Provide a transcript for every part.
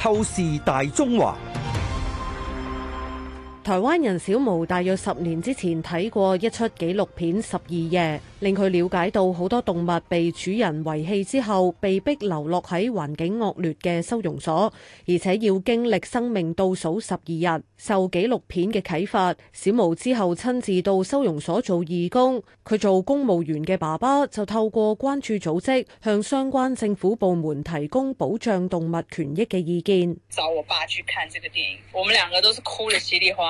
透視大中華。台灣人小毛大約十年之前睇過一出紀錄片《十二夜》，令佢了解到好多動物被主人遺棄之後，被逼流落喺環境惡劣嘅收容所，而且要經歷生命倒數十二日。受紀錄片嘅啟發，小毛之後親自到收容所做義工。佢做公務員嘅爸爸就透過關注組織，向相關政府部門提供保障動物權益嘅意見。找我爸去看這個電影，我們兩個都是哭得稀里嘩。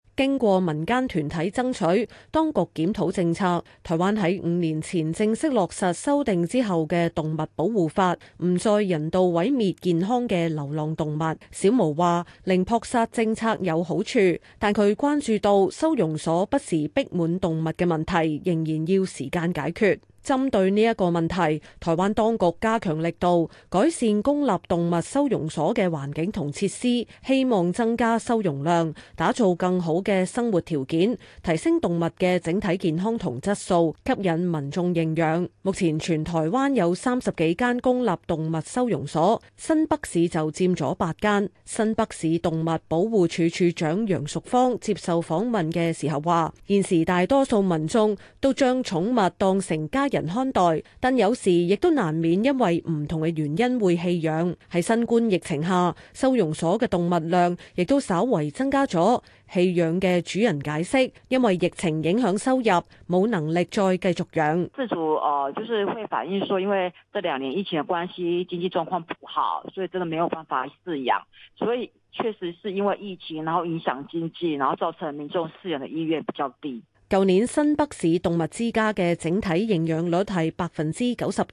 經過民間團體爭取，當局檢討政策。台灣喺五年前正式落實修訂之後嘅動物保護法，唔再人道毀滅健康嘅流浪動物。小毛話，零撲殺政策有好處，但佢關注到收容所不時逼滿動物嘅問題，仍然要時間解決。針對呢一個問題，台灣當局加強力度，改善公立動物收容所嘅環境同設施，希望增加收容量，打造更好嘅生活條件，提升動物嘅整體健康同質素，吸引民眾認養。目前全台灣有三十幾間公立動物收容所，新北市就佔咗八間。新北市動物保護處處長楊淑芳接受訪問嘅時候話：現時大多數民眾都將寵物當成家。人看待，但有時亦都難免因為唔同嘅原因會棄養。喺新冠疫情下，收容所嘅動物量亦都稍微增加咗。棄養嘅主人解釋，因為疫情影響收入，冇能力再繼續養。自主，呃，就是會反映說，因為這兩年疫情嘅關係，經濟狀況不好，所以真的沒有辦法飼養。所以確實是因為疫情，然後影響經濟，然後造成民眾飼養的意願比較低。舊年新北市動物之家嘅整體認養率係百分之九十二，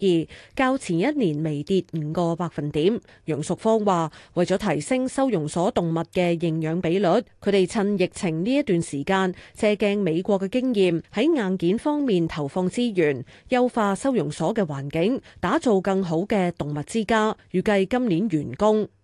較前一年微跌五個百分點。楊淑芳話，為咗提升收容所動物嘅認養比率，佢哋趁疫情呢一段時間，借鏡美國嘅經驗，喺硬件方面投放資源，優化收容所嘅環境，打造更好嘅動物之家，預計今年完工。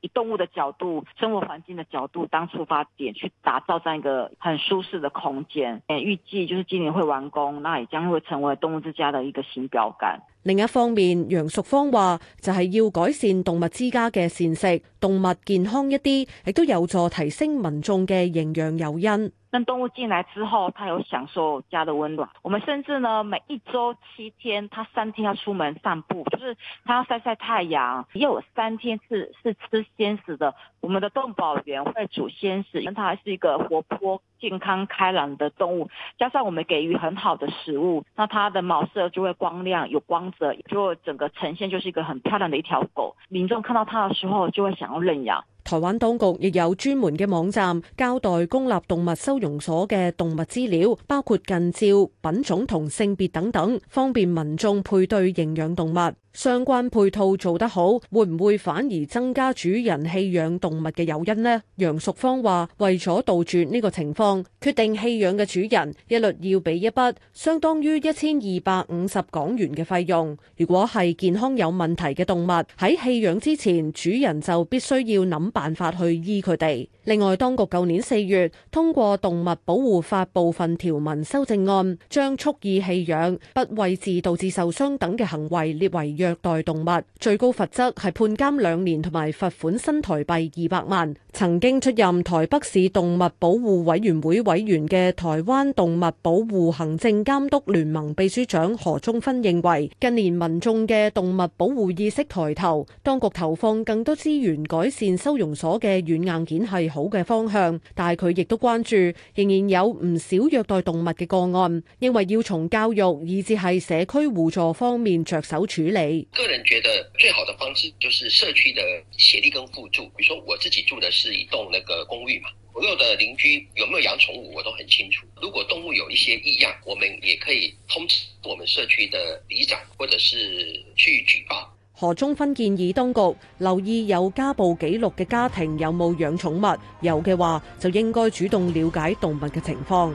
以動物的角度、生活環境的角度當出發點去打造這樣一個很舒適的空間，嗯，預計就是今年會完工，那也將會成為動物之家的一個新標杆。另一方面，楊淑芳話就係、是、要改善動物之家嘅膳食，動物健康一啲，亦都有助提升民眾嘅營養誘因。等動物進來之後，它有享受家的温暖。我們甚至呢，每一周七天，它三天要出門散步，就是它要曬曬太陽，要有三天是是吃。鮮食的，我們的動保員會煮鮮食，佢，它還是一個活潑、健康、開朗的動物，加上我們給予很好的食物，那它的毛色就會光亮有光澤，就整個呈現就是一個很漂亮的一條狗。民眾看到它的時候，就會想要認養。台灣當局亦有專門嘅網站交代公立動物收容所嘅動物資料，包括近照、品種同性別等等，方便民眾配對領養動物，動物，動物。相關配套做得好，會唔會反而增加主人棄養動物嘅誘因呢？楊淑芳話：為咗杜絕呢個情況，決定棄養嘅主人一律要俾一筆相當於一千二百五十港元嘅費用。如果係健康有問題嘅動物，喺棄養之前，主人就必須要諗辦法去醫佢哋。另外，當局舊年四月通過《動物保護法》部分條文修正案，將蓄意棄養、不餵飼導致受傷等嘅行為列為。虐待動物最高罰則係判監兩年同埋罰款新台幣二百萬。曾經出任台北市動物保護委員會委員嘅台灣動物保護行政監督聯盟秘書長何忠芬認為，近年民眾嘅動物保護意識抬頭，當局投放更多資源改善收容所嘅軟硬件係好嘅方向。但係佢亦都關注仍然有唔少虐待動物嘅個案，認為要從教育以至係社區互助方面着手處理。個人覺得最好的方式就是社區的協力跟互助。比如說我自己住的是一棟那個公寓嘛，所有的鄰居有沒有養寵物，我都很清楚。如果動物有一些異樣，我們也可以通知我們社區的里長，或者是去舉報。何忠芬建議當局留意有家暴記錄嘅家庭有冇養寵物，有嘅話就應該主動了解動物嘅情況。